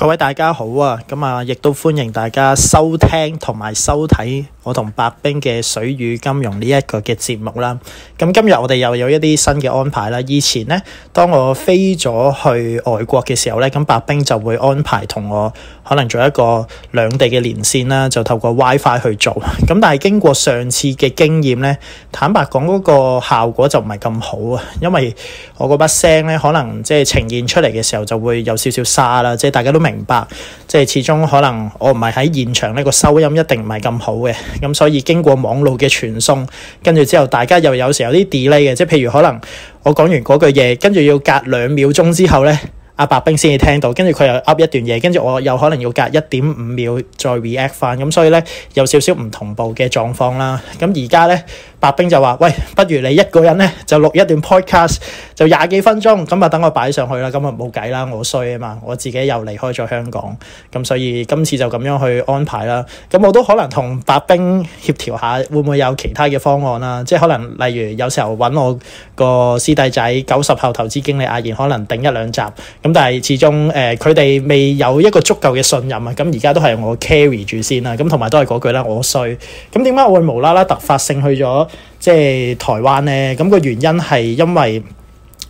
各位大家好啊，咁啊，亦都歡迎大家收聽同埋收睇。我同白兵嘅水與金融呢一個嘅節目啦，咁今日我哋又有一啲新嘅安排啦。以前呢，當我飛咗去外國嘅時候呢，咁白兵就會安排同我可能做一個兩地嘅連線啦，就透過 WiFi 去做。咁但係經過上次嘅經驗呢，坦白講嗰個效果就唔係咁好啊，因為我嗰把聲呢可能即係呈現出嚟嘅時候就會有少少沙啦，即係大家都明白，即係始終可能我唔係喺現場呢，個收音一定唔係咁好嘅。咁、嗯、所以經過網路嘅傳送，跟住之後大家又有時候有啲 delay 嘅，即係譬如可能我講完嗰句嘢，跟住要隔兩秒鐘之後呢，阿、啊、白兵先至聽到，跟住佢又噏一段嘢，跟住我又可能要隔一點五秒再 react 翻，咁、嗯、所以呢，有少少唔同步嘅狀況啦。咁而家呢。白兵就話，喂，不如你一個人咧就錄一段 podcast，就廿幾分鐘，咁啊等我擺上去啦。咁啊冇計啦，我衰啊嘛，我自己又離開咗香港，咁所以今次就咁樣去安排啦。咁我都可能同白兵協調下，會唔會有其他嘅方案啦、啊？即係可能例如有時候揾我個師弟仔九十後投資經理阿賢，可能頂一兩集。咁但係始終誒佢哋未有一個足夠嘅信任啊。咁而家都係我 carry 住先啦。咁同埋都係嗰句啦，我衰。咁點解我會無啦啦突發性去咗？即係台灣咧，咁個原因係因為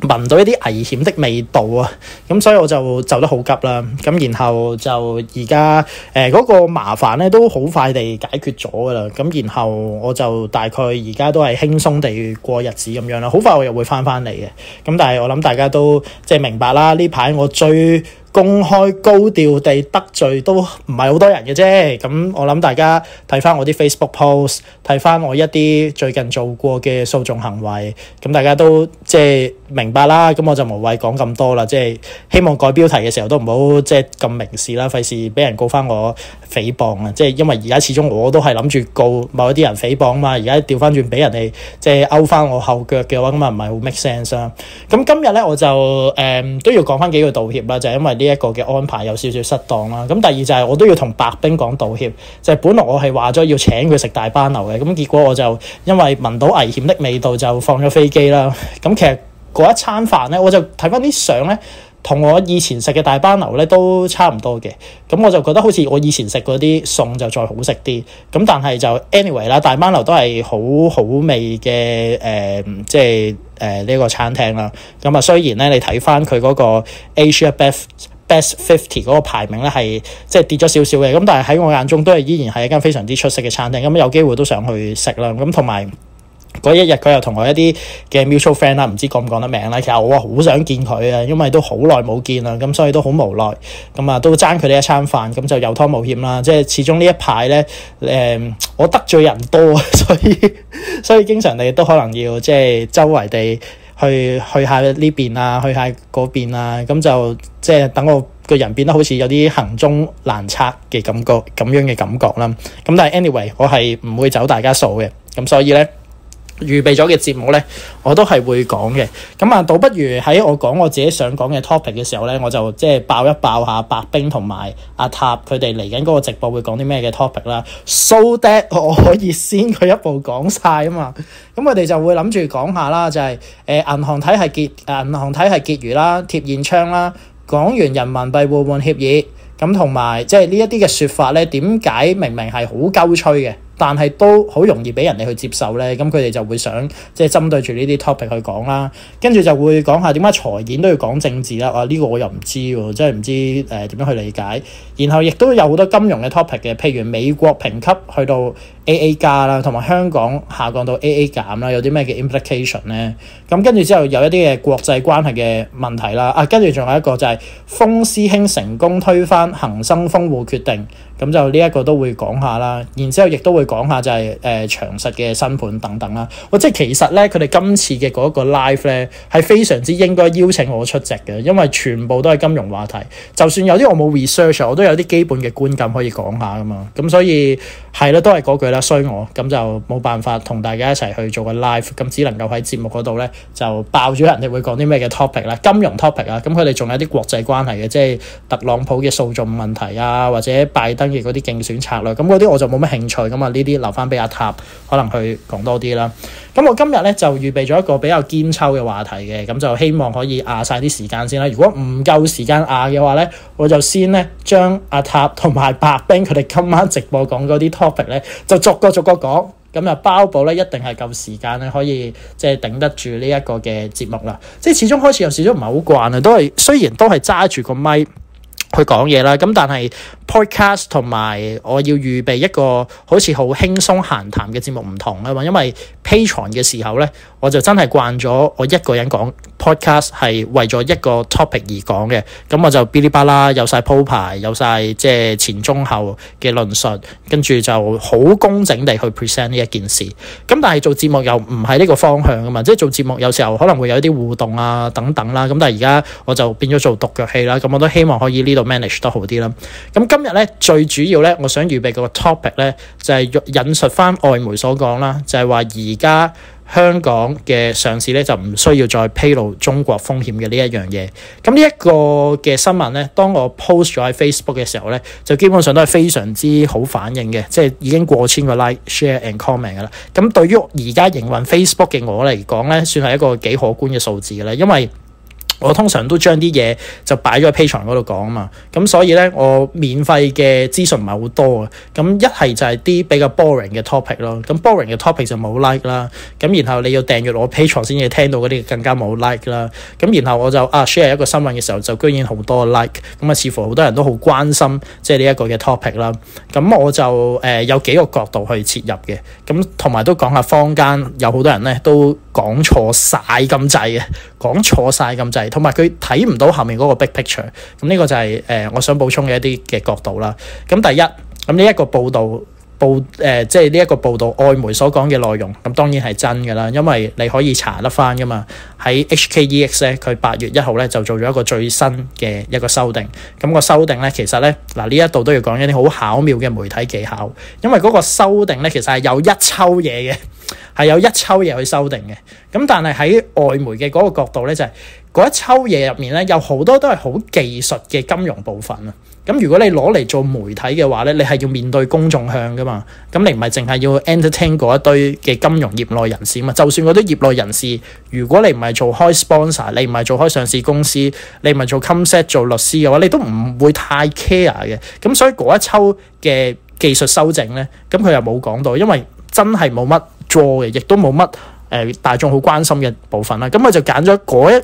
聞到一啲危險的味道啊，咁所以我就走得好急啦。咁然後就而家誒嗰個麻煩咧都好快地解決咗噶啦。咁然後我就大概而家都係輕鬆地過日子咁樣啦。好快我又會翻翻嚟嘅。咁但係我諗大家都即係明白啦。呢排我追公開高調地得罪都唔係好多人嘅啫，咁我諗大家睇翻我啲 Facebook post，睇翻我一啲最近做過嘅訴訟行為，咁大家都即係明白啦。咁我就無謂講咁多啦，即係希望改標題嘅時候都唔好即係咁明示啦，費事俾人告翻我誹謗啊！即係因為而家始終我都係諗住告某一啲人誹謗啊嘛，而家調翻轉俾人哋即係勾翻我後腳嘅話，咁啊唔係好 make sense 啊。咁今日咧我就誒都要講翻幾句道歉啦，就係因為呢，一個嘅安排有少少失當啦，咁第二就係我都要同白兵講道歉，就係、是、本來我係話咗要請佢食大班樓嘅，咁結果我就因為聞到危險的味道就放咗飛機啦。咁其實嗰一餐飯咧，我就睇翻啲相咧，同我以前食嘅大班樓咧都差唔多嘅，咁我就覺得好似我以前食嗰啲餸就再好食啲，咁但係就 anyway 啦，大班樓都係好好味嘅誒、呃，即係誒呢個餐廳啦。咁啊，雖然咧你睇翻佢嗰個 Asia Beef。Best Fifty 嗰個排名咧係即係跌咗少少嘅，咁但係喺我眼中都係依然係一間非常之出色嘅餐廳，咁、嗯、有機會都想去食啦。咁同埋嗰一日佢又同我一啲嘅 mutual friend 啦，唔知講唔講得名咧。其實我好想見佢啊，因為都好耐冇見啦，咁、嗯、所以都好無奈。咁、嗯、啊，都爭佢哋一餐飯，咁、嗯、就有湯冇險啦。即係始終一呢一排咧，誒、嗯，我得罪人多，所以所以經常你都可能要即係周圍地。去去下呢邊啊，去下嗰邊啊，咁就即係等我個人變得好似有啲行蹤難測嘅感覺，咁樣嘅感覺啦。咁但係 anyway，我係唔會走大家數嘅，咁所以咧。預備咗嘅節目呢，我都係會講嘅。咁啊，倒不如喺我講我自己想講嘅 topic 嘅時候呢，我就即係爆一爆一下白兵同埋阿塔佢哋嚟緊嗰個直播會講啲咩嘅 topic 啦。So that 我可以先佢一步講晒啊嘛。咁佢哋就會諗住講下啦、就係，就係誒銀行體系結銀行體系結餘啦、貼現窗啦、港元人民幣互換協議咁同埋即係呢一啲嘅說法呢，點解明明係好鳩吹嘅？但係都好容易俾人哋去接受咧，咁佢哋就會想即係針對住呢啲 topic 去講啦，跟住就會講下點解財演都要講政治啦。啊，呢、這個我又唔知喎、啊，即係唔知誒點、呃、樣去理解。然後亦都有好多金融嘅 topic 嘅，譬如美國評級去到 A A 加啦，同埋香港下降到 A A 減啦，有啲咩嘅 implication 咧？咁跟住之後有一啲嘅國際關係嘅問題啦。啊，跟住仲有一個就係、是、封師兄成功推翻恒生封戶決定，咁就呢一個都會講下啦。然之後亦都會講下就係誒長實嘅新盤等等啦。我、啊、即係其實咧，佢哋今次嘅個 live 咧係非常之應該邀請我出席嘅，因為全部都係金融話題，就算有啲我冇 research，我都有啲基本嘅觀感可以講下噶嘛。咁所以係啦，都係嗰句啦。衰我咁就冇辦法同大家一齊去做個 live，咁只能夠喺節目嗰度呢，就爆咗人哋會講啲咩嘅 topic 啦，金融 topic 啊，咁佢哋仲有啲國際關係嘅，即係特朗普嘅訴訟問題啊，或者拜登嘅嗰啲競選策略，咁嗰啲我就冇乜興趣咁嘛，呢啲留翻俾阿塔可能去講多啲啦。咁我今日咧就預備咗一個比較堅抽嘅話題嘅，咁就希望可以壓晒啲時間先啦。如果唔夠時間壓、啊、嘅話咧，我就先咧將阿塔同埋白兵佢哋今晚直播講嗰啲 topic 咧，就逐個逐個講。咁啊，包保咧一定係夠時間咧，可以即係頂得住呢一個嘅節目啦。即係始終開始又始終唔係好慣啊，都係雖然都係揸住個咪去講嘢啦，咁但係 Podcast 同埋我要預備一個好似好輕鬆閒談嘅節目唔同啊嘛，因為 Patreon 嘅時候咧。我就真係慣咗，我一個人講 podcast 係為咗一個 topic 而講嘅。咁我就噼里啪啦，有晒鋪排，有晒即係前中後嘅論述，跟住就好工整地去 present 呢一件事。咁但係做節目又唔係呢個方向㗎嘛，即係做節目有時候可能會有啲互動啊等等啦。咁但係而家我就變咗做獨腳戲啦。咁我都希望可以呢度 manage 得好啲啦。咁今日呢，最主要呢，我想預備個 topic 呢，就係引述翻外媒所講啦，就係話而家。香港嘅上市咧就唔需要再披露中國風險嘅呢一樣嘢。咁呢一個嘅新聞咧，當我 post 咗喺 Facebook 嘅時候咧，就基本上都係非常之好反應嘅，即係已經過千個 like、share and comment 㗎喇。咁對於而家營運 Facebook 嘅我嚟講咧，算係一個幾可觀嘅數字㗎喇，因為，我通常都將啲嘢就擺咗喺 Patreon 嗰度講啊嘛，咁所以咧我免費嘅資訊唔係好多啊。咁一係就係啲比較 boring 嘅 topic 咯，咁 boring 嘅 topic 就冇 like 啦，咁然後你要訂閱我 Patreon 先至聽到嗰啲更加冇 like 啦，咁然後我就啊 share 一個新聞嘅時候就居然好多 like，咁啊似乎好多人都好關心即係呢一個嘅 topic 啦，咁我就誒、呃、有幾個角度去切入嘅，咁同埋都講下坊間有好多人咧都講錯晒咁滯嘅，講錯晒咁滯。同埋佢睇唔到後面嗰個 big picture，咁呢個就係、是、誒、呃、我想補充嘅一啲嘅角度啦。咁第一，咁呢一個報道。報誒，即係呢一個報道，外媒所講嘅內容，咁當然係真嘅啦，因為你可以查得返㗎嘛。喺 HKEX 咧，佢八月一號咧就做咗一個最新嘅一個修訂。咁個修訂咧，其實咧嗱呢一度都要講一啲好巧妙嘅媒體技巧，因為嗰個修訂咧，其實係有一抽嘢嘅，係有一抽嘢去修訂嘅。咁但係喺外媒嘅嗰個角度咧，就係嗰一抽嘢入面咧，有好多都係好技術嘅金融部分啊。咁如果你攞嚟做媒體嘅話咧，你係要面對公眾向㗎嘛？咁你唔係淨係要 entertain 嗰一堆嘅金融業內人士嘛？就算嗰啲業內人士，如果你唔係做開 sponsor，你唔係做開上市公司，你唔係做 com sec 做律師嘅話，你都唔會太 care 嘅。咁所以嗰一抽嘅技術修正咧，咁佢又冇講到，因為真係冇乜做嘅，亦都冇乜誒大眾好關心嘅部分啦。咁我就揀咗嗰一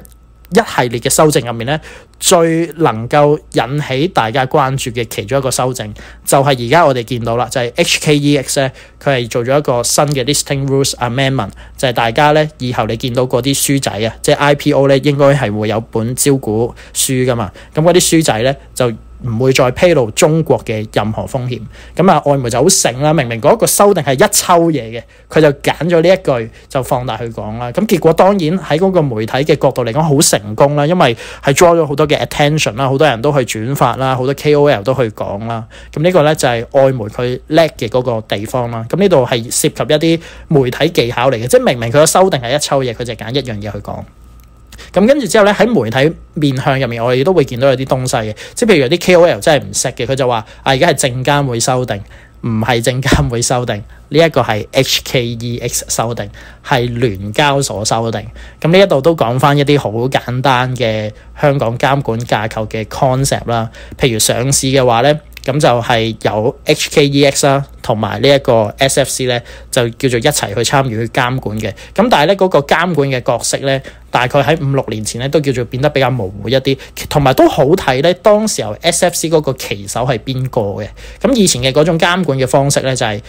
一系列嘅修正入面咧，最能夠引起大家關注嘅其中一個修正，就係而家我哋見到啦，就係 HKEX 咧，佢係做咗一個新嘅 Listing Rules Amendment，就係大家咧以後你見到嗰啲書仔啊，即係 IPO 咧應該係會有本招股書噶嘛，咁嗰啲書仔咧就。唔會再披露中國嘅任何風險，咁啊外媒就好醒啦，明明嗰個修訂係一抽嘢嘅，佢就揀咗呢一句就放大去講啦。咁結果當然喺嗰個媒體嘅角度嚟講好成功啦，因為係 draw 咗好多嘅 attention 啦，好多人都去轉發啦，好多 KOL 都去講啦。咁呢個呢就係外媒佢叻嘅嗰個地方啦。咁呢度係涉及一啲媒體技巧嚟嘅，即係明明佢嘅修訂係一抽嘢，佢就揀一樣嘢去講。咁跟住之後咧，喺媒體面向入面，我哋都會見到有啲東西嘅，即係譬如有啲 K.O.L 真係唔識嘅，佢就話啊，而家係證監會修訂，唔係證監會修訂呢一個係 H.K.E.X 修訂，係聯交所修訂。咁呢一度都講翻一啲好簡單嘅香港監管架構嘅 concept 啦，譬如上市嘅話咧，咁就係有 H.K.E.X 啦、啊，同埋呢一個 S.F.C 咧，就叫做一齊去參與去監管嘅。咁但係咧，嗰個監管嘅角色咧。大概喺五六年前咧，都叫做變得比較模糊一啲，同埋都好睇咧，當時候 SFC 嗰個旗手係邊個嘅？咁以前嘅嗰種監管嘅方式咧，就係、是。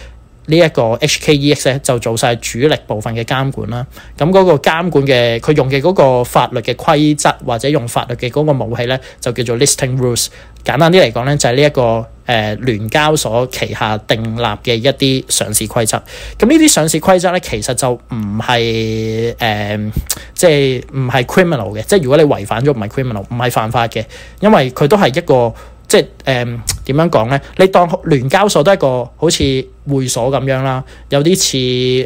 呢一個 HKEX 咧就做晒主力部分嘅監管啦，咁嗰個監管嘅佢用嘅嗰個法律嘅規則或者用法律嘅嗰個武器咧，就叫做 listing rules。簡單啲嚟講咧，就係呢一個誒聯交所旗下定立嘅一啲上市規則。咁呢啲上市規則咧，其實就唔係誒，即係唔係 criminal 嘅，即係如果你違反咗唔係 criminal，唔係犯法嘅，因為佢都係一個即係誒。呃點樣講呢？你當聯交所都係一個好似會所咁樣啦，有啲似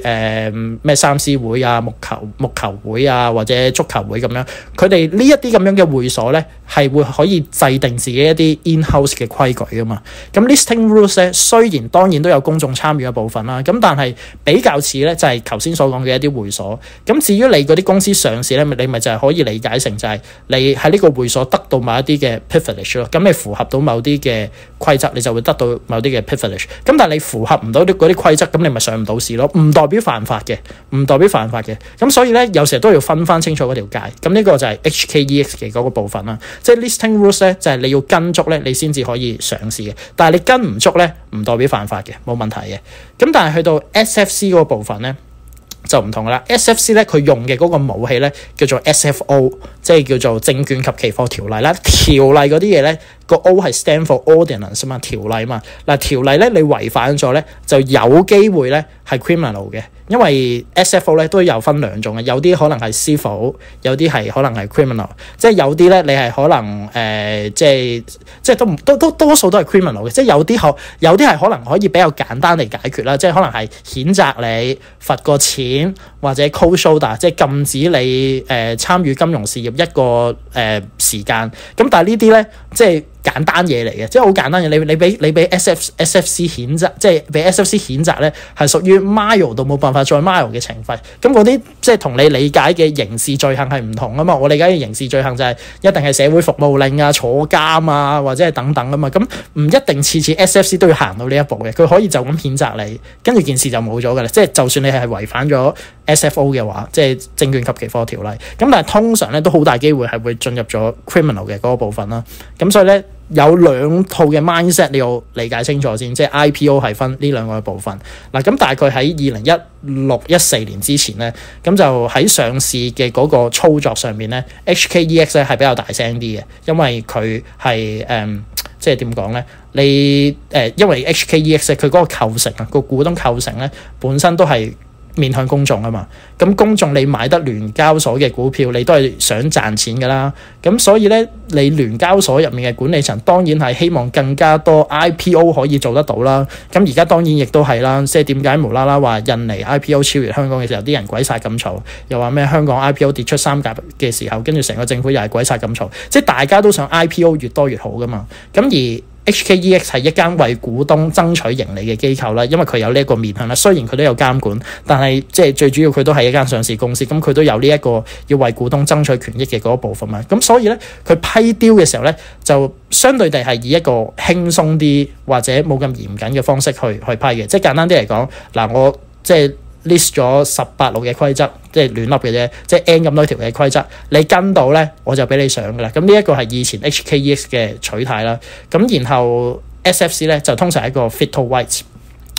誒咩三絲會啊、木球木球會啊或者足球會咁樣，佢哋呢一啲咁樣嘅會所呢，係會可以制定自己一啲 in-house 嘅規矩㗎嘛。咁 listing rules 咧，雖然當然都有公眾參與嘅部分啦，咁但係比較似呢，就係頭先所講嘅一啲會所。咁至於你嗰啲公司上市呢，你咪就係可以理解成就係你喺呢個會所得到某一啲嘅 privilege 咯。咁你符合到某啲嘅規則你就會得到某啲嘅 privilege，咁但係你符合唔到啲嗰啲規則，咁你咪上唔到市咯。唔代表犯法嘅，唔代表犯法嘅。咁所以咧，有時候都要分翻清楚嗰條界。咁呢個就係 HKEX 嘅嗰個部分啦，即係 listing rules 咧，就係、是、你要跟足咧，你先至可以上市嘅。但係你跟唔足咧，唔代表犯法嘅，冇問題嘅。咁但係去到 SFC 嗰部分咧，就唔同啦。SFC 咧佢用嘅嗰個武器咧叫做 SFO，即係叫做證券及期貨條例啦。條例嗰啲嘢咧。個 O 係 stand for ordinance 嘛條例嘛嗱、啊、條例咧你違反咗咧就有機會咧係 criminal 嘅，因為 SFO 咧都有分兩種嘅，有啲可能係 civil 有啲係可能係 criminal，即係有啲咧你係可能誒即係即係都都都多數都係 criminal 嘅，即係有啲可有啲係可能可以比較簡單嚟解決啦，即係可能係譴責你罰個錢或者 cold shoulder，即係禁止你誒、呃、參與金融事業一個誒、呃、時間，咁但係呢啲咧即係。簡單嘢嚟嘅，即係好簡單嘅。你你俾你俾 S F C 譴責，即係俾 S F C 譴責呢，係屬於 mail 到冇辦法再 mail 嘅懲罰。咁嗰啲即係同你理解嘅刑事罪行係唔同啊嘛。我理解嘅刑事罪行就係一定係社會服務令啊、坐監啊或者係等等啊嘛。咁唔一定次次 S F C 都要行到呢一步嘅，佢可以就咁譴責你，跟住件事就冇咗㗎喇。即係就算你係違反咗。SFO 嘅話，即係證券及期貨條例，咁但係通常咧都好大機會係會進入咗 criminal 嘅嗰個部分啦。咁所以咧有兩套嘅 mindset 你要理解清楚先，即係 IPO 係分呢兩個部分。嗱，咁大概喺二零一六一四年之前咧，咁就喺上市嘅嗰個操作上面咧，HKEX 咧係比較大聲啲嘅，因為佢係誒，即係點講咧？你誒、呃，因為 HKEX 佢嗰個構成啊，個股東構成咧，本身都係。面向公眾啊嘛，咁公眾你買得聯交所嘅股票，你都係想賺錢噶啦。咁所以咧，你聯交所入面嘅管理層當然係希望更加多 IPO 可以做得到啦。咁而家當然亦都係啦。即係點解無啦啦話印尼 IPO 超越香港嘅時候，啲人鬼殺咁嘈，又話咩香港 IPO 跌出三甲嘅時候，跟住成個政府又係鬼殺咁嘈，即係大家都想 IPO 越多越好㗎嘛。咁而 HKEX 係一間為股東爭取盈利嘅機構啦，因為佢有呢一個面向啦。雖然佢都有監管，但係即係最主要佢都係一間上市公司，咁佢都有呢一個要為股東爭取權益嘅嗰一部分嘛。咁所以咧，佢批刁嘅時候咧，就相對地係以一個輕鬆啲或者冇咁嚴謹嘅方式去去批嘅。即係簡單啲嚟講，嗱，我即係 list 咗十八路嘅規則。即係亂笠嘅啫，即係 N 咁多條嘅規則，你跟到咧，我就俾你上噶啦。咁呢一個係以前 HKEX 嘅取態啦。咁然後 SFC 咧就通常係一個 Fit to White、right，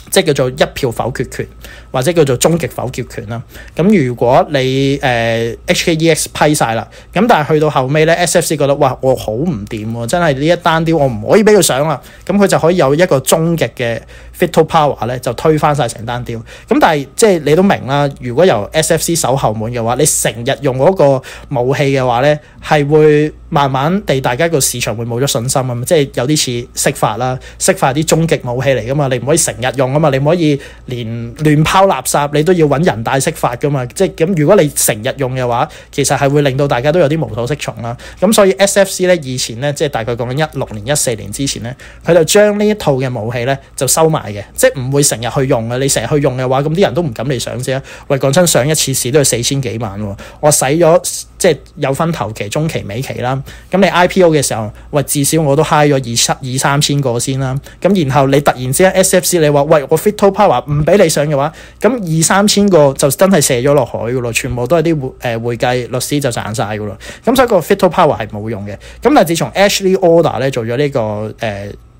即係叫做一票否決權。或者叫做終極否決權啦，咁如果你誒 HKEX 批晒啦，咁、呃、但係去到後尾咧，SFC 覺得哇我好唔掂、啊、真係呢一單刁我唔可以俾佢上啊，咁、嗯、佢就可以有一個終極嘅 fatal power 咧，就推翻晒成單刁，咁但係即係你都明啦，如果由 SFC 守後門嘅話，你成日用嗰個武器嘅話咧，係會慢慢地大家個市場會冇咗信心啊，嘛，即係有啲似釋法啦，釋法啲終極武器嚟噶嘛，你唔可以成日用啊嘛，你唔可以連亂拍。收垃圾你都要揾人大釋法㗎嘛，即係咁。如果你成日用嘅話，其實係會令到大家都有啲無所適從啦。咁所以 SFC 咧以前咧，即係大概講緊一六年、一四年之前咧，佢就將呢一套嘅武器咧就收埋嘅，即係唔會成日去用嘅。你成日去用嘅話，咁啲人都唔敢嚟上先。喂，講真，上一次市都要四千幾萬喎，我使咗。即係有分頭期、中期、尾期啦。咁你 IPO 嘅時候，喂，至少我都 high 咗二七二三千個先啦。咁然後你突然之間 SFC 你話喂，我 fit to power 唔俾你上嘅話，咁二三千個就真係射咗落海㗎咯，全部都係啲會誒會計律師就賺晒㗎咯。咁所以個 fit to power 係冇用嘅。咁但係自從 Ashley Order 咧做咗呢個誒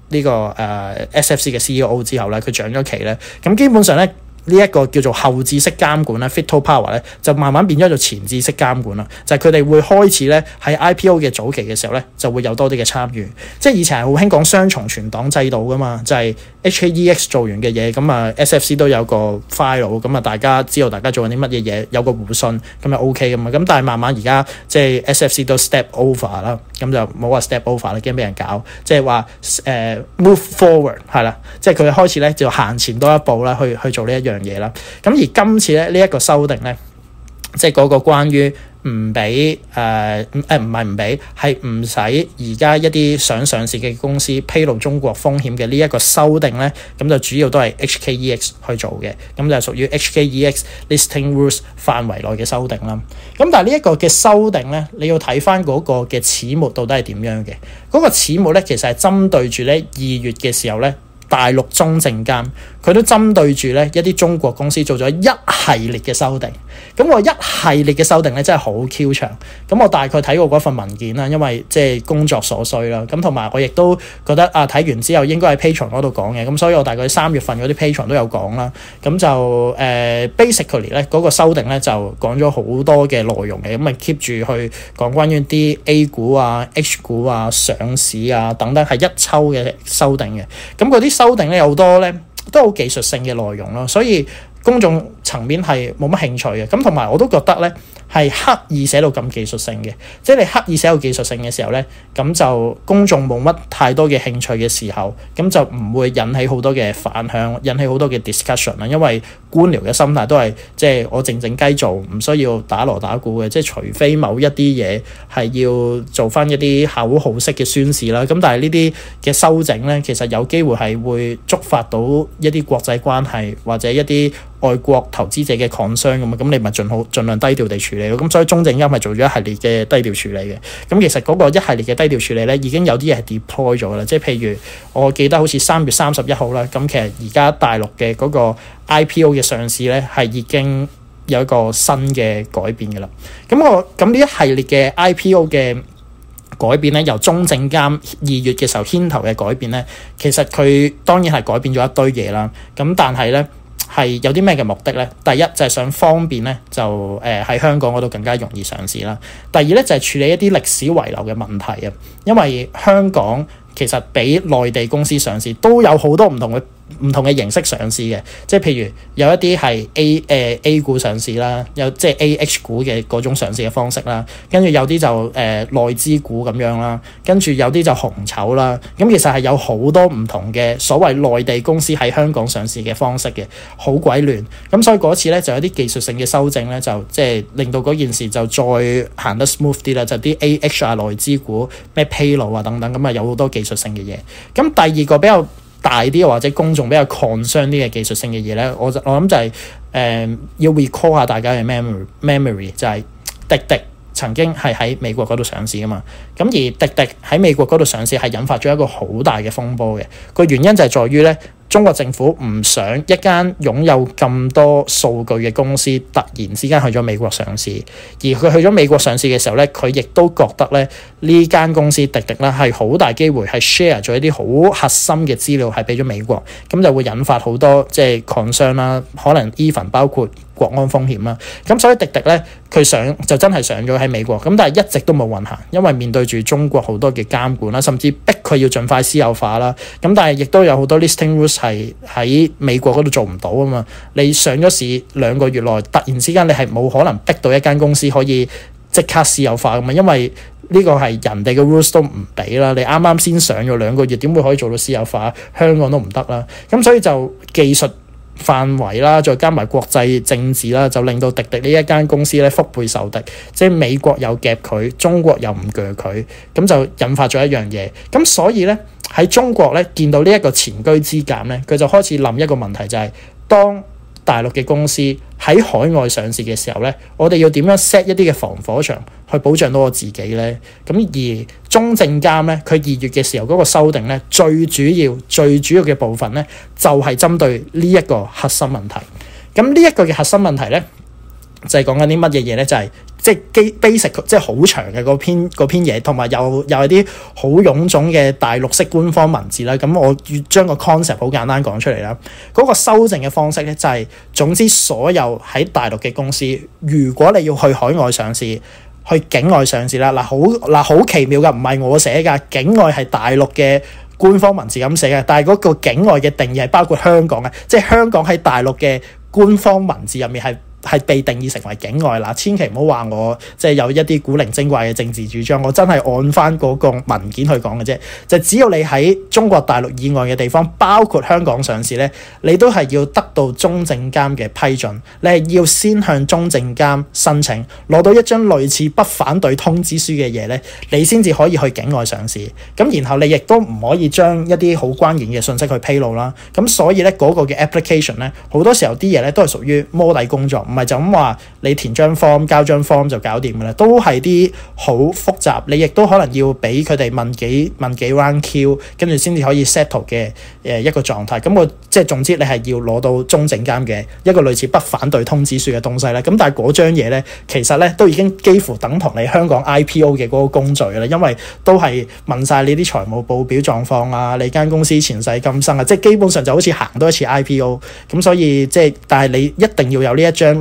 呢個誒 SFC 嘅 CEO 之後咧，佢漲咗期咧，咁基本上咧。呢一個叫做後置式監管啦 fit to power 咧，就慢慢變咗做前置式監管啦。就係佢哋會開始咧喺 IPO 嘅早期嘅時候咧，就會有多啲嘅參與，即係以前係好興講雙重存檔制度噶嘛，就係、是、HAEX 做完嘅嘢，咁、嗯、啊 SFC 都有個 file，咁、嗯、啊大家知道大家做緊啲乜嘢嘢，有個互信，咁啊 OK 噶嘛。咁、嗯、但係慢慢而家即係 SFC 都 step over 啦，咁、嗯、就冇話 step over 啦，驚俾人搞。即係話誒 move forward 係啦，即係佢開始咧就行前多一步啦，去去做呢一樣。樣嘢啦，咁而今次咧呢一個修訂咧，即係嗰個關於唔俾誒誒唔係唔俾係唔使而家一啲想上市嘅公司披露中國風險嘅呢一個修訂咧，咁就主要都係 HKEX 去做嘅，咁就屬於 HKEX Listing Rules 範圍內嘅修訂啦。咁但係呢一個嘅修訂咧，你要睇翻嗰個嘅始末到底係點樣嘅？嗰個始末咧，其實係針對住咧二月嘅時候咧，大陸中證監。佢都針對住咧一啲中國公司做咗一系列嘅修訂。咁我一系列嘅修訂咧，真係好 Q 長。咁我大概睇過嗰份文件啦，因為即係工作所需啦。咁同埋我亦都覺得啊，睇完之後應該喺 Patreon 嗰度講嘅。咁所以我大概三月份嗰啲 Patreon 都有講啦。咁就誒 basically 咧嗰個修訂咧就講咗好多嘅內容嘅。咁咪 keep 住去講關於啲 A 股啊、H 股啊、上市啊等等係一抽嘅修訂嘅。咁嗰啲修訂咧有好多咧。都係好技術性嘅內容咯，所以公眾層面係冇乜興趣嘅，咁同埋我都覺得咧係刻意寫到咁技術性嘅，即係你刻意寫到技術性嘅時候咧，咁就公眾冇乜太多嘅興趣嘅時候，咁就唔會引起好多嘅反響，引起好多嘅 discussion 啦。因為官僚嘅心態都係即係我靜靜雞做，唔需要打鑼打鼓嘅，即係除非某一啲嘢係要做翻一啲口號式嘅宣示啦。咁但係呢啲嘅修整咧，其實有機會係會觸發到一啲國際關係或者一啲。外國投資者嘅 concern 咁啊，咁你咪盡好盡量低調地處理咯。咁所以中證監係做咗一系列嘅低調處理嘅。咁其實嗰個一系列嘅低調處理咧，已經有啲嘢係 deploy 咗啦。即係譬如我記得好似三月三十一號啦，咁其實而家大陸嘅嗰個 IPO 嘅上市咧係已經有一個新嘅改變噶啦。咁我咁呢一系列嘅 IPO 嘅改變咧，由中證監二月嘅時候牽頭嘅改變咧，其實佢當然係改變咗一堆嘢啦。咁但係咧。係有啲咩嘅目的呢？第一就係、是、想方便呢，就誒喺、呃、香港嗰度更加容易上市啦。第二呢就係、是、處理一啲歷史遺留嘅問題啊，因為香港其實比內地公司上市都有好多唔同嘅。唔同嘅形式上市嘅，即係譬如有一啲係 A、呃、A 股上市啦，有即係、就是、A H 股嘅嗰種上市嘅方式啦，跟住有啲就誒、呃、內資股咁樣啦，跟住有啲就紅籌啦，咁其實係有好多唔同嘅所謂內地公司喺香港上市嘅方式嘅，好鬼亂。咁所以嗰次咧就有啲技術性嘅修正咧，就即係令到嗰件事就再行得 smooth 啲啦，就啲 A H 啊內資股咩披露啊等等咁啊有好多技術性嘅嘢。咁第二個比較。大啲或者公眾比較 concern 啲嘅技術性嘅嘢咧，我，我就我諗就係誒要 recall 下大家嘅 memory，memory 就係、是、滴滴曾經係喺美國嗰度上市啊嘛，咁而滴滴喺美國嗰度上市係引發咗一個好大嘅風波嘅，個原因就係在於咧。中國政府唔想一間擁有咁多數據嘅公司突然之間去咗美國上市，而佢去咗美國上市嘅時候呢，佢亦都覺得呢呢間公司滴滴呢係好大機會係 share 咗一啲好核心嘅資料係俾咗美國，咁就會引發好多即係抗商啦，可能 even 包括。國安風險啦，咁所以滴滴咧，佢上就真係上咗喺美國，咁但係一直都冇運行，因為面對住中國好多嘅監管啦，甚至逼佢要盡快私有化啦。咁但係亦都有好多 listing rules 係喺美國嗰度做唔到啊嘛。你上咗市兩個月內，突然之間你係冇可能逼到一間公司可以即刻私有化㗎嘛，因為呢個係人哋嘅 rules 都唔俾啦。你啱啱先上咗兩個月，點會可以做到私有化？香港都唔得啦。咁所以就技術。範圍啦，再加埋國際政治啦，就令到滴滴呢一間公司咧，腹背受敵，即係美國又夾佢，中國又唔夾佢，咁就引發咗一樣嘢。咁所以呢，喺中國咧，見到呢一個前車之鑑呢，佢就開始諗一個問題，就係、是、當。大陸嘅公司喺海外上市嘅時候呢，我哋要點樣 set 一啲嘅防火牆去保障到我自己呢？咁而中證監呢，佢二月嘅時候嗰個修訂呢，最主要最主要嘅部分呢，就係、是、針對呢一個核心問題。咁呢一個嘅核心問題呢，就係講緊啲乜嘢嘢呢？就係、是。即係 basic，即係好長嘅嗰篇篇嘢，同埋又又係啲好臃腫嘅大陸式官方文字啦。咁我要將個 concept 好簡單講出嚟啦。嗰、嗰個修正嘅方式咧，就係，就係總之所有喺大陸嘅公司，如果你要去海外上市、去境外上市啦，嗱好嗱好奇妙㗎，唔係我寫㗎，境外係大陸嘅官方文字咁寫嘅，但係嗰個境外嘅定義係包括香港嘅，即係香港喺大陸嘅官方文字入面係。係被定義成為境外啦，千祈唔好話我即係有一啲古靈精怪嘅政治主張，我真係按返嗰個文件去講嘅啫。就只要你喺中國大陸以外嘅地方，包括香港上市咧，你都係要得到中證監嘅批准，你係要先向中證監申請，攞到一張類似不反對通知書嘅嘢咧，你先至可以去境外上市。咁然後你亦都唔可以將一啲好關鍵嘅信息去披露啦。咁所以咧嗰個嘅 application 咧，好多時候啲嘢咧都係屬於摸底工作。唔係就咁話，你填張 form、交張 form 就搞掂嘅啦，都係啲好複雜，你亦都可能要俾佢哋問幾問幾 round Q，跟住先至可以 settle 嘅誒一個狀態。咁我即係總之，你係要攞到中證監嘅一個類似不反對通知書嘅東西啦。咁但係嗰張嘢呢，其實呢都已經幾乎等同你香港 IPO 嘅嗰個工序啦，因為都係問晒你啲財務報表狀況啊，你間公司前世今生啊，即係基本上就好似行多一次 IPO。咁所以即係，但係你一定要有呢一張。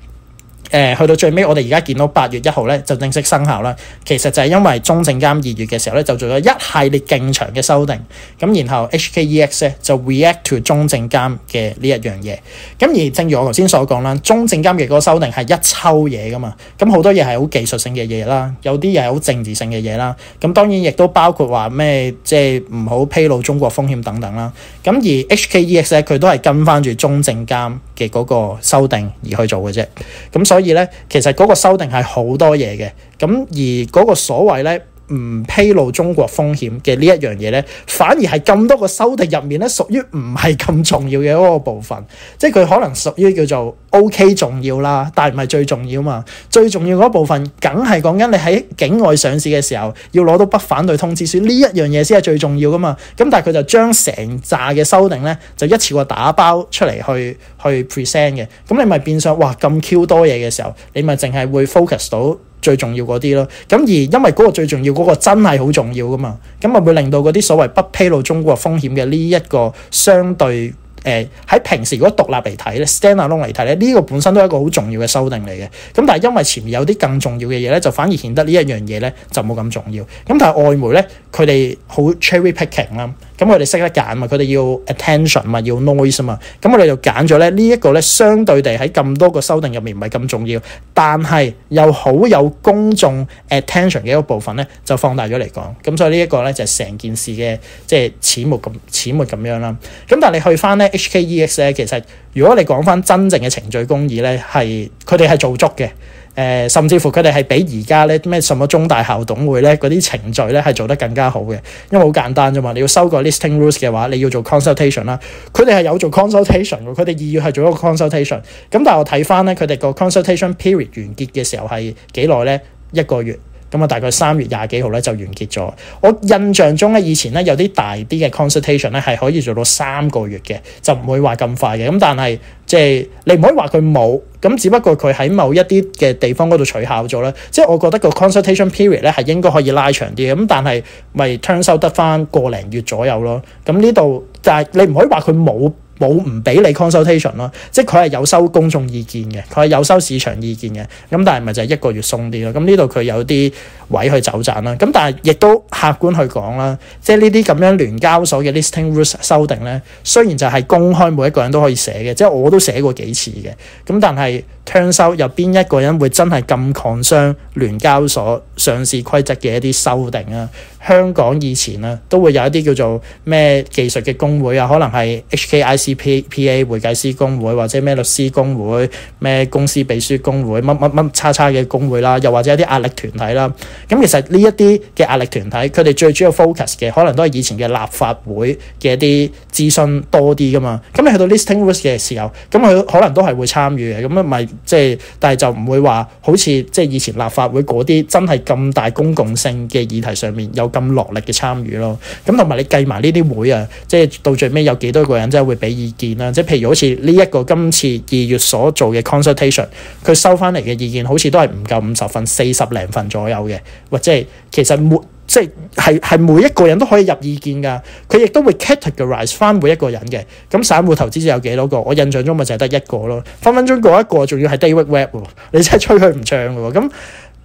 誒去到最尾，我哋而家見到八月一號咧就正式生效啦。其實就係因為中證監二月嘅時候咧就做咗一系列勁長嘅修訂，咁然後 HKEX 咧就 react to 中證監嘅呢一樣嘢。咁而正如我頭先所講啦，中證監嘅嗰個修訂係一抽嘢噶嘛，咁好多嘢係好技術性嘅嘢啦，有啲嘢係好政治性嘅嘢啦。咁當然亦都包括話咩，即係唔好披露中國風險等等啦。咁而 HKEX 咧佢都係跟翻住中證監嘅嗰個修訂而去做嘅啫。咁所以所以咧，其實嗰個修訂係好多嘢嘅，咁而嗰個所謂咧，唔披露中國風險嘅呢一樣嘢咧，反而係咁多個修訂入面咧，屬於唔係咁重要嘅嗰個部分。即係佢可能屬於叫做 O.K. 重要啦，但係唔係最重要嘛。最重要嗰部分，梗係講緊你喺境外上市嘅時候，要攞到不反對通知書呢一樣嘢先係最重要噶嘛。咁但係佢就將成扎嘅修訂咧，就一次過打包出嚟去去 present 嘅。咁你咪變相哇咁 Q 多嘢嘅時候，你咪淨係會 focus 到。最重要嗰啲咯，咁而因為嗰個最重要嗰個真係好重要噶嘛，咁咪會令到嗰啲所謂不披露中國風險嘅呢一個相對誒喺、呃、平時如果獨立嚟睇咧，standalone 嚟睇咧，呢、呢個本身都係一個好重要嘅修訂嚟嘅。咁但係因為前面有啲更重要嘅嘢咧，就反而顯得呢一樣嘢咧就冇咁重要。咁但係外媒咧佢哋好 cherry picking 啦。咁佢哋識得揀嘛，佢哋要 attention 嘛，要 noise 嘛，咁我哋就揀咗咧呢一個咧，相對地喺咁多個修訂入面唔係咁重要，但係又好有公眾 attention 嘅一個部分咧，就放大咗嚟講。咁所以呢一個咧就係成件事嘅即係淺末咁淺末咁樣啦。咁但係你去翻咧 HKEX 咧，其實如果你講翻真正嘅程序公義咧，係佢哋係做足嘅。誒、呃，甚至乎佢哋係比而家咧咩什麼中大校董會咧嗰啲程序咧係做得更加好嘅，因為好簡單啫嘛。你要修改 listing rules 嘅話，你要做 consultation 啦。佢哋係有做 consultation 嘅，佢哋意要係做一個 consultation。咁但係我睇翻咧，佢哋個 consultation period 完結嘅時候係幾耐咧？一個月。咁啊、嗯，大概三月廿幾號咧就完結咗。我印象中咧，以前咧有啲大啲嘅 consultation 咧係可以做到三個月嘅，就唔會話咁快嘅。咁、嗯、但係即係你唔可以話佢冇，咁只不過佢喺某一啲嘅地方嗰度取巧咗啦。即係我覺得個 consultation period 咧係應該可以拉長啲嘅。咁、嗯、但係咪 turn 聽收得翻個零月左右咯？咁呢度，但係你唔可以話佢冇，冇唔俾你 consultation 咯，即係佢係有收公眾意見嘅，佢係有收市場意見嘅，咁但係咪就係一個月鬆啲咯？咁呢度佢有啲位去走盞啦。咁但係亦都客觀去講啦，即係呢啲咁樣聯交所嘅 listing rules 修訂咧，雖然就係公開每一個人都可以寫嘅，即係我都寫過幾次嘅。咁但係聽收入邊一個人會真係咁 concern 聯交所上市規則嘅一啲修訂啊？香港以前啊，都會有一啲叫做咩技術嘅公會啊，可能係 HKICPA 會計師公會或者咩律師公會、咩公司秘書公會、乜乜乜叉叉嘅公會啦，又或者一啲壓力團體啦。咁、嗯、其實呢一啲嘅壓力團體，佢哋最主要 focus 嘅，可能都係以前嘅立法會嘅一啲諮詢多啲噶嘛。咁你去到 listing risk 嘅時候，咁佢可能都係會參與嘅。咁啊咪即係，但係就唔會話好似即係以前立法會嗰啲真係咁大公共性嘅議題上面有咁落力嘅參與咯，咁同埋你計埋呢啲會啊，即係到最尾有幾多個人真係會俾意見啦、啊？即係譬如好似呢一個今次二月所做嘅 consultation，佢收翻嚟嘅意見好似都係唔夠五十份，四十零份左右嘅，或者、就、係、是、其實每即係係係每一個人都可以入意見㗎，佢亦都會 categorize 翻每一個人嘅。咁散戶投資者有幾多個？我印象中咪就係得一個咯，分分鐘過一個仲要係 David Webb 喎，你真係吹佢唔唱㗎喎，咁。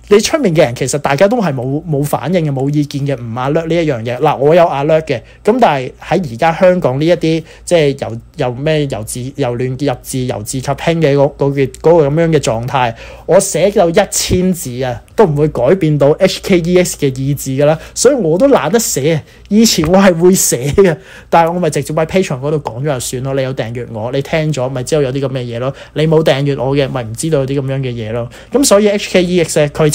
你出面嘅人，其實大家都係冇冇反應嘅，冇意見嘅，唔 a l 呢一樣嘢。嗱，我有 a l 嘅，咁但係喺而家香港呢一啲即係由由咩由字由亂入字由字及興嘅嗰、那個咁、那個那個、樣嘅狀態，我寫到一千字啊都唔會改變到 HKEX 嘅意志㗎啦，所以我都懶得寫，以前我係會寫嘅，但係我咪直接喺 Patreon 嗰度講咗就算咯。你有訂閱我，你聽咗咪之道有啲咁嘅嘢咯。你冇訂閱我嘅咪唔知道有啲咁樣嘅嘢咯。咁所以 HKEX 佢。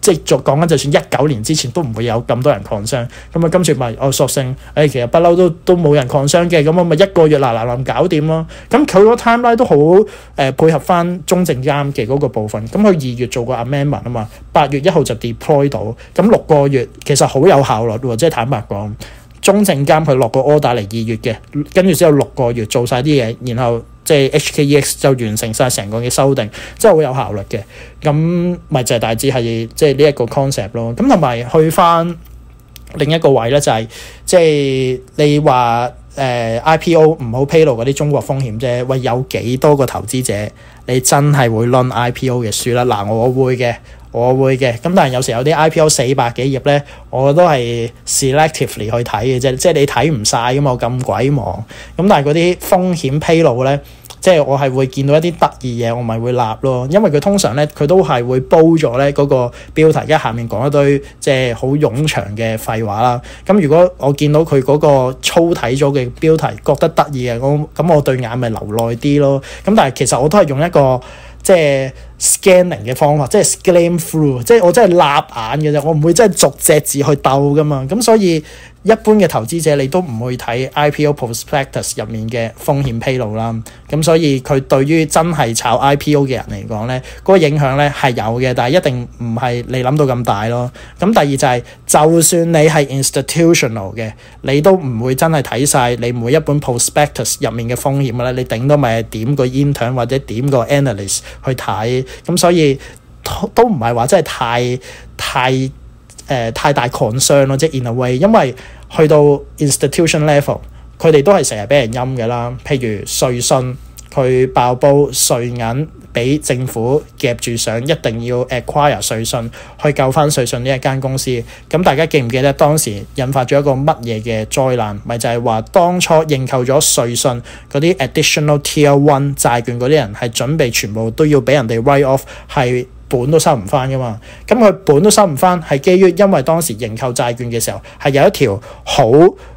即係續講緊，就算一九年之前都唔會有咁多人擴張，咁啊今次咪我、哦、索性，誒、哎、其實不嬲都都冇人擴張嘅，咁我咪一個月嗱嗱臨搞掂咯。咁佢個 timeline 都好誒、呃、配合翻中證監嘅嗰個部分。咁佢二月做過 amendment 啊嘛，八月一號就 deploy 到，咁六個月其實好有效率喎，即係坦白講。中證監佢落個 order 嚟二月嘅，跟住之後六個月做晒啲嘢，然後即係 HKEX 就完成晒成個嘅修訂，真係好有效率嘅。咁咪就係大致係即係呢一個 concept 咯。咁同埋去翻另一個位咧，就係即係你話誒 IPO 唔好披露嗰啲中國風險啫。喂，有幾多個投資者你真係會 run IPO 嘅書啦？嗱、啊，我會嘅。我會嘅，咁但係有時有啲 IPO 四百幾頁咧，我都係 selectively 去睇嘅啫，即係你睇唔晒嘅嘛，我咁鬼忙。咁但係嗰啲風險披露咧，即係我係會見到一啲得意嘢，我咪會立咯，因為佢通常咧佢都係會煲咗咧嗰個標題，而家下面講一堆即係好冗長嘅廢話啦。咁如果我見到佢嗰個粗體咗嘅標題覺得得意嘅，我咁我對眼咪留耐啲咯。咁但係其實我都係用一個。即係 scanning 嘅方法，即係 scan through，即係我真係擸眼嘅啫，我唔會真係逐隻字去鬥㗎嘛，咁所以。一般嘅投資者你都唔會睇 IPO prospectus 入面嘅風險披露啦，咁所以佢對於真係炒 IPO 嘅人嚟講呢嗰、嗰個影響呢係有嘅，但係一定唔係你諗到咁大咯。咁第二就係、是，就算你係 institutional 嘅，你都唔會真係睇晒你每一本 prospectus 入面嘅風險啦。你頂多咪點個 intern 或者點個 analyst 去睇，咁所以都唔係話真係太太。太誒、呃、太大 concern 咯，即 in a way，因為去到 institution level，佢哋都係成日俾人陰嘅啦。譬如瑞信佢爆煲，瑞銀俾政府夾住上，一定要 acquire 瑞信，去救翻瑞信呢一間公司。咁大家記唔記得當時引發咗一個乜嘢嘅災難？咪就係、是、話當初認購咗瑞信嗰啲 additional tier one 債券嗰啲人係準備全部都要俾人哋 write off，係。本都收唔翻噶嘛，咁佢本都收唔翻，係基於因為當時認購債券嘅時候係有一條好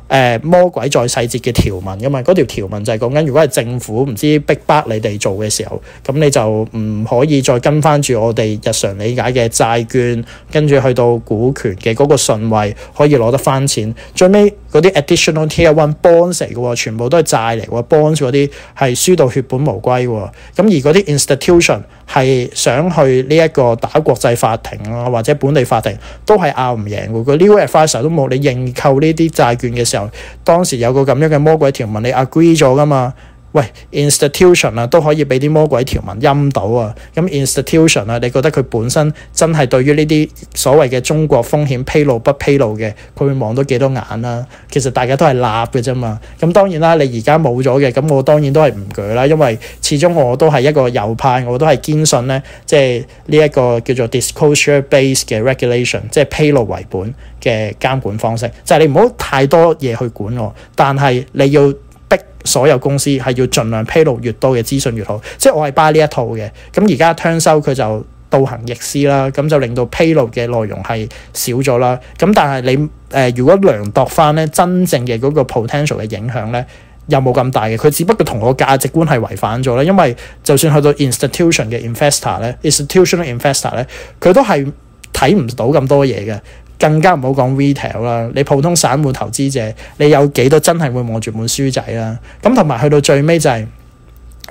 誒魔鬼在細節嘅條文噶嘛，嗰條條文就係講緊，如果係政府唔知逼逼你哋做嘅時候，咁你就唔可以再跟翻住我哋日常理解嘅債券，跟住去到股權嘅嗰個順位可以攞得翻錢，最尾。嗰啲 additional tier one bonds 嚟嘅喎，全部都係債嚟喎，bonds 嗰啲係輸到血本無歸喎。咁而嗰啲 institution 係想去呢一個打國際法庭啊，或者本地法庭都係拗唔贏嘅。佢 legal adviser 都冇，你認購呢啲債券嘅時候，當時有個咁樣嘅魔鬼條文，你 agree 咗㗎嘛？喂，institution 啊都可以俾啲魔鬼條文陰到啊！咁、嗯、institution 啊，你覺得佢本身真係對於呢啲所謂嘅中國風險披露不披露嘅，佢會望到幾多眼啦、啊？其實大家都係立嘅啫嘛。咁、嗯、當然啦，你而家冇咗嘅，咁我當然都係唔舉啦，因為始終我都係一個右派，我都係堅信呢。即係呢一個叫做 disclosure-based 嘅 regulation，即係披露為本嘅監管方式，就係、是、你唔好太多嘢去管我，但係你要。逼所有公司係要儘量披露越多嘅資訊越好，即係我係 buy 呢一套嘅。咁而家 turns out 佢就倒行逆施啦，咁就令到披露嘅內容係少咗啦。咁但係你誒、呃，如果量度翻咧，真正嘅嗰個 potential 嘅影響咧，又冇咁大嘅？佢只不過同我價值觀係違反咗啦。因為就算去到 institution 嘅 investor 咧，institutional investor 咧，佢都係睇唔到咁多嘢嘅。更加唔好講 retail 啦，你普通散戶投資者，你有幾多真係會望住本書仔啦？咁同埋去到最尾就係、是，誒、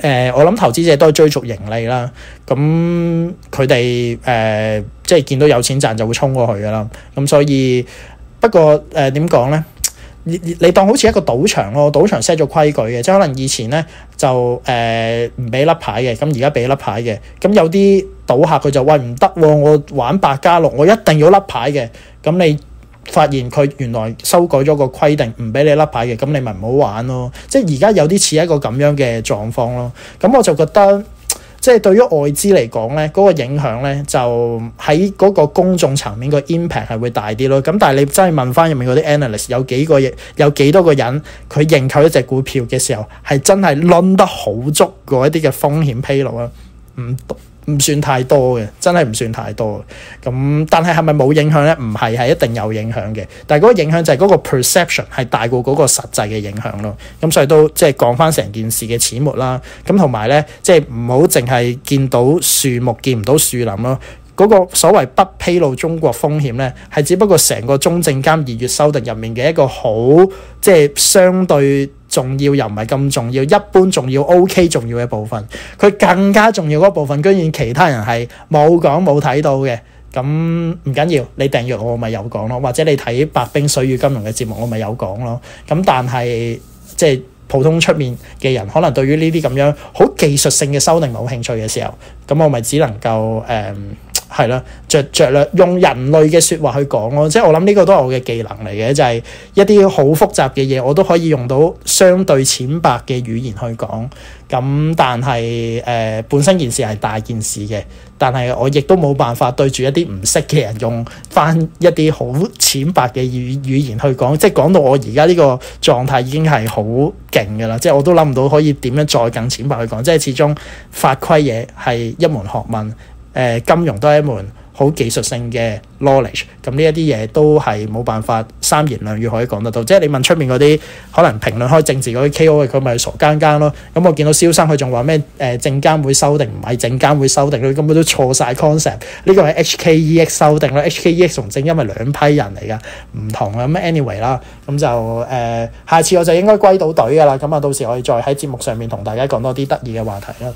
呃、我諗投資者都係追逐盈利啦。咁佢哋誒即係見到有錢賺就會衝過去噶啦。咁所以不過誒點講咧？呃你你當好似一個賭場咯，賭場 set 咗規矩嘅，即係可能以前咧就誒唔俾甩牌嘅，咁而家俾甩牌嘅，咁有啲賭客佢就喂，唔得，我玩百家樂我一定要甩牌嘅，咁你發現佢原來修改咗個規定唔俾你甩牌嘅，咁你咪唔好玩咯，即係而家有啲似一個咁樣嘅狀況咯，咁我就覺得。即係對於外資嚟講咧，嗰個影響咧就喺嗰個公眾層面個 impact 係會大啲咯。咁但係你真係問翻入面嗰啲 analyst，有幾個亦有幾多個人佢認購一隻股票嘅時候係真係 run 得好足嗰一啲嘅風險披露啊，唔唔算太多嘅，真係唔算太多嘅。咁但係係咪冇影響呢？唔係，係一定有影響嘅。但係嗰個影響就係嗰個 perception 係大過嗰個實際嘅影響咯。咁所以都即係講翻成件事嘅始末啦。咁同埋呢，即係唔好淨係見到樹木，見唔到樹林咯。嗰、那個所謂不披露中國風險呢，係只不過成個中證監二月修訂入面嘅一個好即係相對。重要又唔係咁重要，一般重要 OK 重要嘅部分，佢更加重要嗰部分，居然其他人係冇講冇睇到嘅。咁唔緊要，你訂閱我咪有講咯，或者你睇白兵水與金融嘅節目，我咪有講咯。咁但係即係普通出面嘅人，可能對於呢啲咁樣好技術性嘅修訂冇興趣嘅時候，咁我咪只能夠誒。呃係啦，著著，著用人類嘅説話去講咯，即係我諗呢個都係我嘅技能嚟嘅，就係、是、一啲好複雜嘅嘢，我都可以用到相對淺白嘅語言去講。咁但係誒、呃，本身件事係大件事嘅，但係我亦都冇辦法對住一啲唔識嘅人用翻一啲好淺白嘅語語言去講。即係講到我而家呢個狀態已經係好勁㗎啦，即係我都諗唔到可以點樣再更淺白去講。即係始終法規嘢係一門學問。誒金融都係一門好技術性嘅 knowledge，咁呢一啲嘢都係冇辦法三言兩語可以講得到，即係你問出面嗰啲可能評論開政治嗰啲 KO 佢咪傻更更咯。咁、嗯、我見到蕭生佢仲話咩誒證監會修訂唔係證監會修訂，佢根本都錯晒 concept。呢個係 HKEX 修訂啦，HKEX 同證監因為兩批人嚟噶，唔同啊。咁、嗯、anyway 啦，咁就誒下次我就應該歸到隊噶啦。咁啊，到時我哋再喺節目上面同大家講多啲得意嘅話題啦。